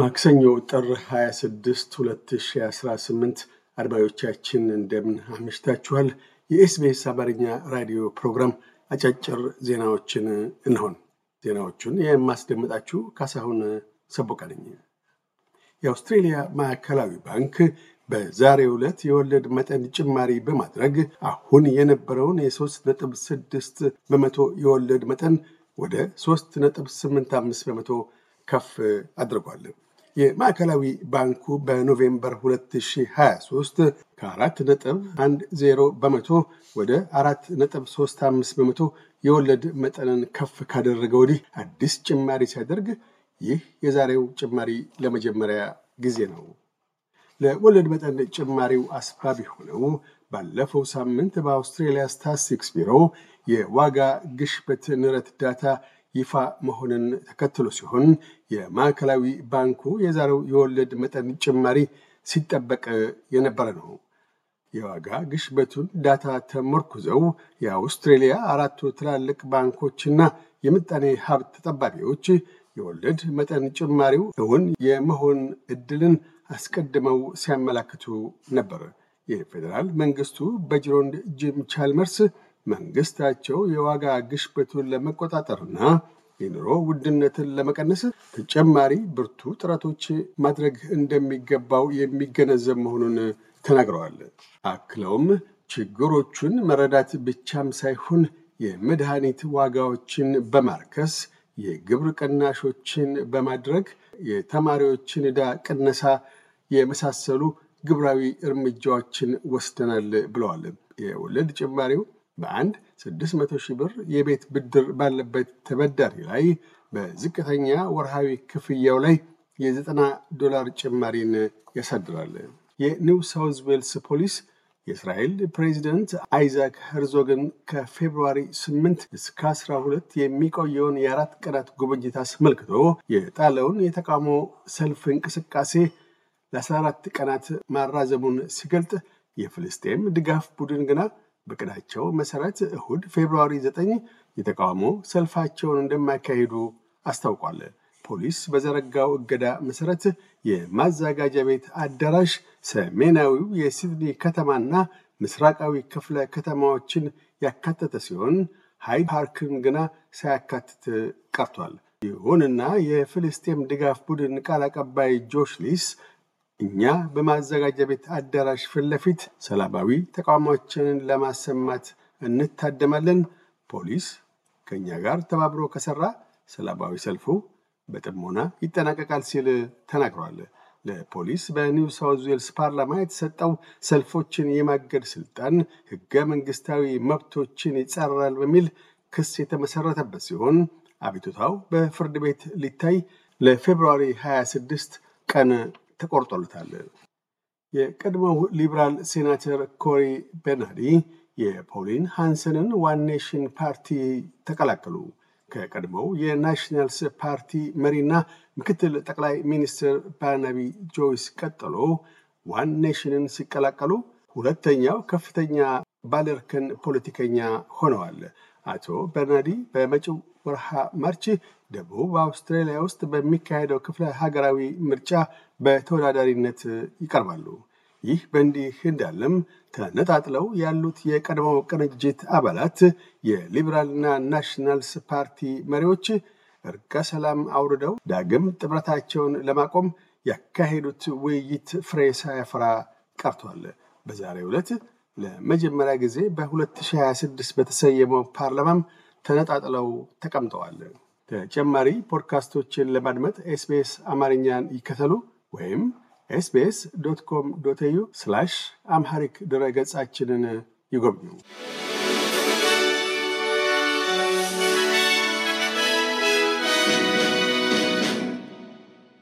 ማክሰኞ ጥር 26 2018 አድማጮቻችን እንደምን አምሽታችኋል። የኤስቤስ አማርኛ ራዲዮ ፕሮግራም አጫጭር ዜናዎችን እንሆን። ዜናዎቹን የማስደምጣችሁ ካሳሁን ሰቦቃ የአውስትሬልያ ማዕከላዊ ባንክ በዛሬ ዕለት የወለድ መጠን ጭማሪ በማድረግ አሁን የነበረውን የ3.6 በመቶ የወለድ መጠን ወደ 85 በመቶ ከፍ አድርጓል። የማዕከላዊ ባንኩ በኖቬምበር 2023 ከ4 ነጥብ 10 በመቶ ወደ 4 ነጥብ 35 በመቶ የወለድ መጠንን ከፍ ካደረገ ወዲህ አዲስ ጭማሪ ሲያደርግ ይህ የዛሬው ጭማሪ ለመጀመሪያ ጊዜ ነው። ለወለድ መጠን ጭማሪው አስባብ የሆነው ባለፈው ሳምንት በአውስትሬሊያ ስታቲስቲክስ ቢሮ የዋጋ ግሽበት ንረት ዳታ ይፋ መሆንን ተከትሎ ሲሆን የማዕከላዊ ባንኩ የዛሬው የወለድ መጠን ጭማሪ ሲጠበቅ የነበረ ነው። የዋጋ ግሽበቱን ዳታ ተመርኩዘው የአውስትሬሊያ አራቱ ትላልቅ ባንኮችና የምጣኔ ሀብት ተጠባቢዎች የወለድ መጠን ጭማሪው እውን የመሆን እድልን አስቀድመው ሲያመላክቱ ነበር። የፌዴራል መንግስቱ በጅሮንድ ጂም ቻልመርስ መንግስታቸው የዋጋ ግሽበቱን ለመቆጣጠርና የኑሮ ውድነትን ለመቀነስ ተጨማሪ ብርቱ ጥረቶች ማድረግ እንደሚገባው የሚገነዘብ መሆኑን ተናግረዋል። አክለውም ችግሮቹን መረዳት ብቻም ሳይሆን የመድኃኒት ዋጋዎችን በማርከስ የግብር ቅናሾችን በማድረግ የተማሪዎችን ዕዳ ቅነሳ የመሳሰሉ ግብራዊ እርምጃዎችን ወስደናል ብለዋል። የወለድ ጭማሪው በአንድ 600 ሺህ ብር የቤት ብድር ባለበት ተበዳሪ ላይ በዝቅተኛ ወርሃዊ ክፍያው ላይ የ90 ዶላር ጭማሪን ያሳድራል። የኒው ሳውዝ ዌልስ ፖሊስ የእስራኤል ፕሬዚደንት አይዛክ ሄርዞግን ከፌብርዋሪ 8 እስከ 12 የሚቆየውን የአራት ቀናት ጉብኝት አስመልክቶ የጣለውን የተቃውሞ ሰልፍ እንቅስቃሴ ለ14 ቀናት ማራዘሙን ሲገልጥ የፍልስጤም ድጋፍ ቡድን ግና በቅዳቸው መሰረት እሁድ ፌብርዋሪ 9 የተቃውሞ ሰልፋቸውን እንደማያካሂዱ አስታውቋል። ፖሊስ በዘረጋው እገዳ መሰረት የማዘጋጃ ቤት አዳራሽ፣ ሰሜናዊው የሲድኒ ከተማና ምስራቃዊ ክፍለ ከተማዎችን ያካተተ ሲሆን ሃይድ ፓርክን ግና ሳያካትት ቀርቷል። ይሁንና የፍልስጤም ድጋፍ ቡድን ቃል አቀባይ ጆሽ ሊስ እኛ በማዘጋጃ ቤት አዳራሽ ፊት ለፊት ሰላማዊ ተቃውሟችንን ለማሰማት እንታደማለን። ፖሊስ ከእኛ ጋር ተባብሮ ከሰራ ሰላማዊ ሰልፉ በጥሞና ይጠናቀቃል ሲል ተናግረዋል። ለፖሊስ በኒው ሳውዝ ዌልስ ፓርላማ የተሰጠው ሰልፎችን የማገድ ስልጣን ህገ መንግስታዊ መብቶችን ይጻረራል በሚል ክስ የተመሰረተበት ሲሆን አቤቱታው በፍርድ ቤት ሊታይ ለፌብርዋሪ 26 ቀን ተቆርጦለታል። የቀድሞ ሊብራል ሴናተር ኮሪ በናዲ የፖሊን ሃንሰንን ዋን ኔሽን ፓርቲ ተቀላቀሉ። ከቀድሞው የናሽናልስ ፓርቲ መሪና ምክትል ጠቅላይ ሚኒስትር ባርናቢ ጆይስ ቀጥሎ ዋን ኔሽንን ሲቀላቀሉ ሁለተኛው ከፍተኛ ባለርክን ፖለቲከኛ ሆነዋል። አቶ በርናዲ በመጪው ወርሃ ማርች ደቡብ አውስትራሊያ ውስጥ በሚካሄደው ክፍለ ሀገራዊ ምርጫ በተወዳዳሪነት ይቀርባሉ። ይህ በእንዲህ እንዳለም ተነጣጥለው ያሉት የቀድሞው ቅንጅት አባላት የሊበራልና ናሽናልስ ፓርቲ መሪዎች እርቀ ሰላም አውርደው ዳግም ጥምረታቸውን ለማቆም ያካሄዱት ውይይት ፍሬ ሳያፈራ ቀርቷል። በዛሬው ዕለት ለመጀመሪያ ጊዜ በ2026 በተሰየመው ፓርላማም ተነጣጥለው ተቀምጠዋል። ተጨማሪ ፖድካስቶችን ለማድመጥ ኤስቢኤስ አማርኛን ይከተሉ ወይም ኤስቢኤስ ዶት ኮም ዶት ኤዩ ስላሽ አምሃሪክ ድረ ገጻችንን ይጎብኙ።